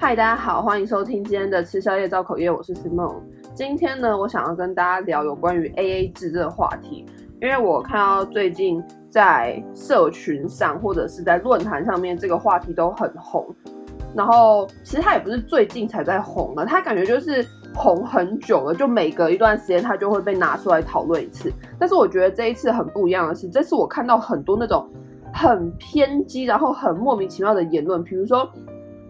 嗨，大家好，歡迎收聽今天的吃宵夜造口業，我是 Simone。今天呢，我想要跟大家聊有關於 A A 制這個話題，因為我看到最近在社群上或者是在論壇上面，這個話題都很紅。然後其實它也不是最近才在紅的，它感覺就是紅很久了，就每隔一段時間它就會被拿出來討論一次。但是我覺得這一次很不一樣的是，這次我看到很多那種很偏激，然後很莫名其妙的言論，比如說。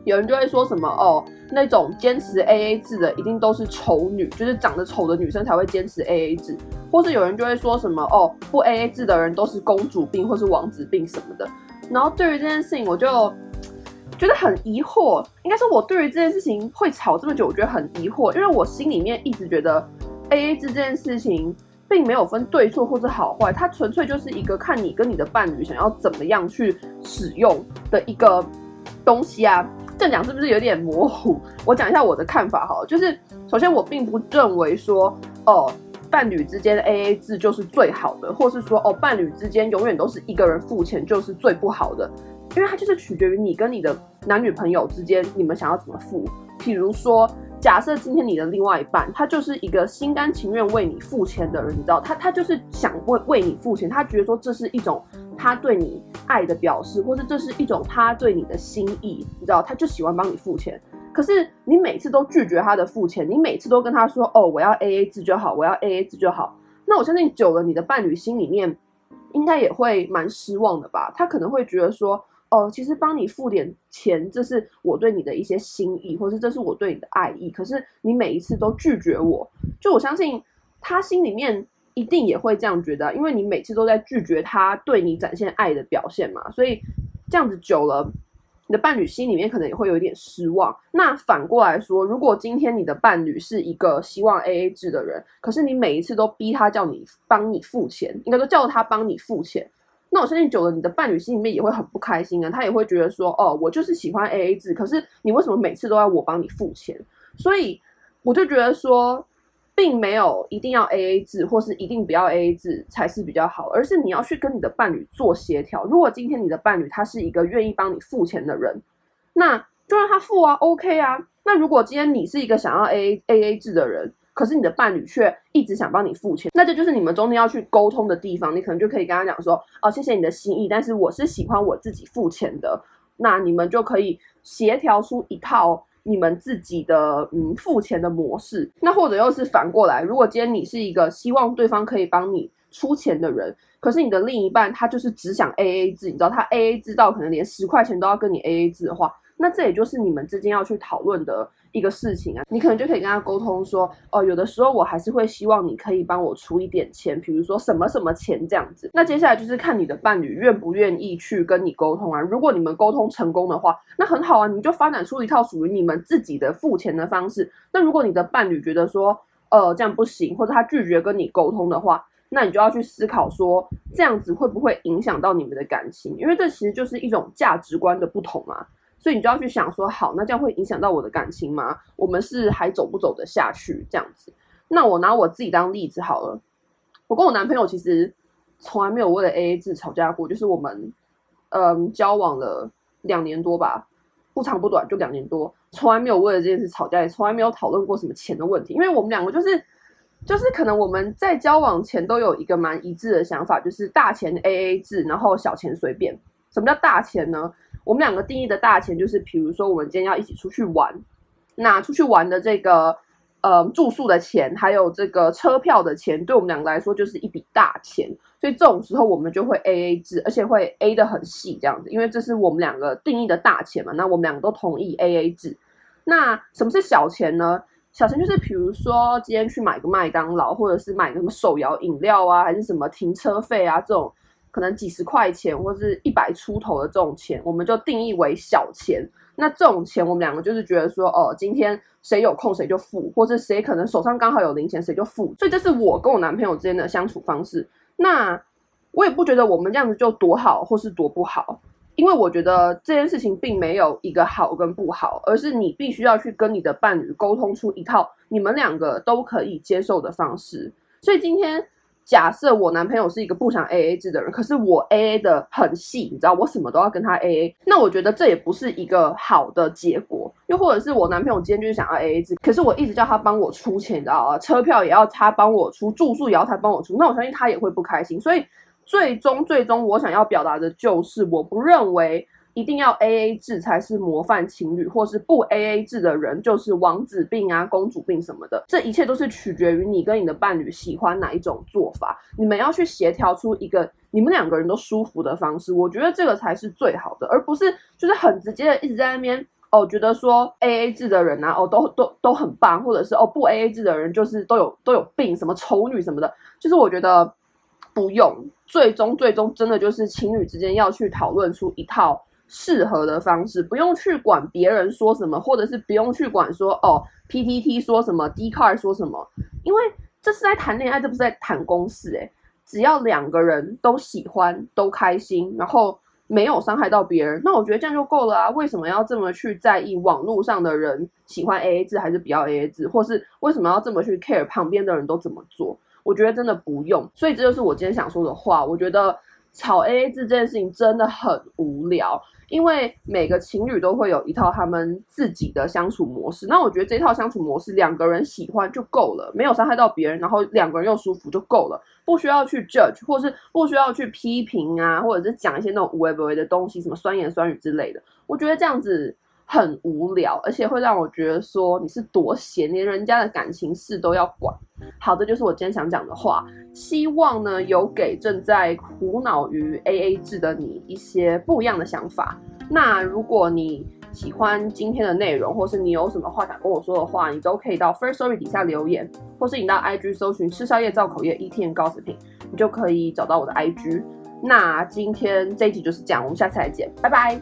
有人就會說什麼哦，那種堅持 AA 制的一定都是醜女，就是長得醜的女生才會堅持 AA 制，或是有人就會說什麼哦，不 AA 制的人都是公主病或是王子病什麼的。然後對於這件事情，我就覺得很疑惑，應該說我對於這件事情會吵這麼久，我覺得很疑惑，因為我心裡面一直覺得 AA 制這件事情並沒有分對錯或是好壞，它純粹就是一個看你跟你的伴侶想要怎麼樣去使用的一個東西啊。這樣講是不是有點模糊？我講一下我的看法哈，就是首先我並不認為說哦，伴侶之間的 AA 制就是最好的，或是說哦，伴侶之間永遠都是一個人付錢就是最不好的，因為它就是取決於你跟你的男女朋友之間你們想要怎麼付。譬如說，假設今天你的另外一半他就是一個心甘情願為你付錢的人，你知道他，他就是想為為你付錢，他覺得說這是一種他對你。愛的表示，或是這是一種他對你的心意，你知道，他就喜歡幫你付錢，可是你每次都拒絕他的付錢，你每次都跟他說：“哦，我要 AA 制就好，我要 AA 制就好。”那我相信久了，你的伴侶心裡面應該也會蠻失望的吧？他可能會覺得說：“哦，其實幫你付點錢，這是我對你的一些心意，或是這是我對你的愛意。”可是你每一次都拒絕我，就我相信他心裡面。一定也會這樣覺得啊，因為你每次都在拒絕他對你展現愛的表現嘛，所以這樣子久了，你的伴侶心裡面可能也會有一點失望。那反過來說，如果今天你的伴侶是一個希望 AA 制的人，可是你每一次都逼他叫你幫你付錢，應該都叫他幫你付錢，那我相信久了，你的伴侶心裡面也會很不開心啊，他也會覺得說，哦，我就是喜歡 AA 制，可是你為什麼每次都要我幫你付錢？所以我就覺得說。並沒有一定要 AA 制，或是一定不要 AA 制才是比較好，而是你要去跟你的伴侶做協調。如果今天你的伴侶他是一個願意幫你付錢的人，那就讓他付啊，OK 啊。那如果今天你是一個想要 AA 制的人，可是你的伴侶卻一直想幫你付錢，那這就是你們中間要去溝通的地方。你可能就可以跟他講說，哦，謝謝你的心意，但是我是喜歡我自己付錢的。那你們就可以協調出一套。你們自己的嗯付錢的模式，那或者又是反過來，如果今天你是一個希望對方可以幫你出錢的人，可是你的另一半他就是只想 AA 制，你知道他 AA 制到可能連十塊錢都要跟你 AA 制的話。那這也就是你們之間要去討論的一個事情啊，你可能就可以跟他溝通說，哦、呃，有的時候我還是會希望你可以幫我出一點錢，比如說什麼什麼錢這樣子。那接下來就是看你的伴侶願不願意去跟你溝通啊。如果你們溝通成功的話，那很好啊，你就發展出一套屬於你們自己的付錢的方式。那如果你的伴侶覺得說，呃，這樣不行，或者他拒絕跟你溝通的話，那你就要去思考說，這樣子會不會影響到你們的感情？因為這其實就是一種價值觀的不同啊。所以你就要去想說，好，那這樣會影響到我的感情嗎？我們是還走不走得下去這樣子？那我拿我自己當例子好了。我跟我男朋友其實從來沒有為了 AA 制吵架過，就是我們，嗯，交往了兩年多吧，不長不短，就兩年多，從來沒有為了這件事吵架，也從來沒有討論過什麼錢的問題，因為我們兩個就是就是可能我們在交往前都有一個蠻一致的想法，就是大錢 AA 制，然後小錢隨便。什麼叫大錢呢？我們兩個定義的大錢就是，比如說我們今天要一起出去玩，那出去玩的這個呃住宿的錢，還有這個車票的錢，對我們兩個來說就是一筆大錢，所以這種時候我們就會 A A 制，而且會 A 的很細這樣子，因為這是我們兩個定義的大錢嘛。那我們兩個都同意 A A 制。那什麼是小錢呢？小錢就是比如說今天去買個麥當勞，或者是買個什麼手搖飲料啊，還是什麼停車費啊這種。可能幾十塊錢或是一百出頭的這種錢，我們就定義為小錢。那這種錢，我們兩個就是覺得說，哦，今天誰有空誰就付，或者誰可能手上剛好有零錢誰就付。所以這是我跟我男朋友之間的相處方式。那我也不覺得我們這樣子就多好或是多不好，因為我覺得這件事情並沒有一個好跟不好，而是你必須要去跟你的伴侶溝通出一套你們兩個都可以接受的方式。所以今天。假設我男朋友是一個不想 A A 制的人，可是我 A A 的很細，你知道我什麼都要跟他 A A，那我覺得這也不是一個好的結果。又或者是我男朋友今天就是想要 A A 制，可是我一直叫他幫我出錢，你知道嗎？車票也要他幫我出，住宿也要他幫我出，那我相信他也會不開心。所以最終最終我想要表達的就是，我不認為。一定要 AA 制才是模範情侶，或是不 AA 制的人就是王子病啊、公主病什麼的，這一切都是取決於你跟你的伴侶喜歡哪一種做法，你們要去協調出一個你們兩個人都舒服的方式，我覺得這個才是最好的，而不是就是很直接的一直在那邊哦，覺得說 AA 制的人吶、啊、哦都都都很棒，或者是哦不 AA 制的人就是都有都有病，什麼醜女什麼的，就是我覺得不用，最終最終真的就是情侶之間要去討論出一套。適合的方式，不用去管別人說什麼，或者是不用去管說哦，P T T 說什麼，D card 說什麼，因為這是在談戀愛，這不是在談公事、欸。誒只要兩個人都喜歡，都開心，然後沒有傷害到別人，那我覺得這樣就夠了啊。為什麼要這麼去在意網絡上的人喜歡 A A 制還是不要 A A 制，或是為什麼要這麼去 care 旁邊的人都怎麼做？我覺得真的不用。所以這就是我今天想說的話。我覺得炒 A A 制這件事情真的很無聊。因為每個情侶都會有一套他們自己的相處模式，那我覺得這套相處模式兩個人喜歡就夠了，沒有傷害到別人，然後兩個人又舒服就夠了，不需要去 judge，或者是不需要去批評啊，或者是講一些那種 whatever 的東西，什麼酸言酸語之類的，我覺得這樣子很無聊，而且會讓我覺得說你是多閒，連人家的感情事都要管。好的，這就是我今天想講的話。希望呢，有給正在苦惱於 AA 制的你一些不一樣的想法。那如果你喜歡今天的內容，或是你有什麼話想跟我說的話，你都可以到 Firstory 底下留言，或是你到 IG 搜尋吃宵夜造口業一天高子品，你就可以找到我的 IG。那今天這一集就是這樣，我們下次再見，拜拜。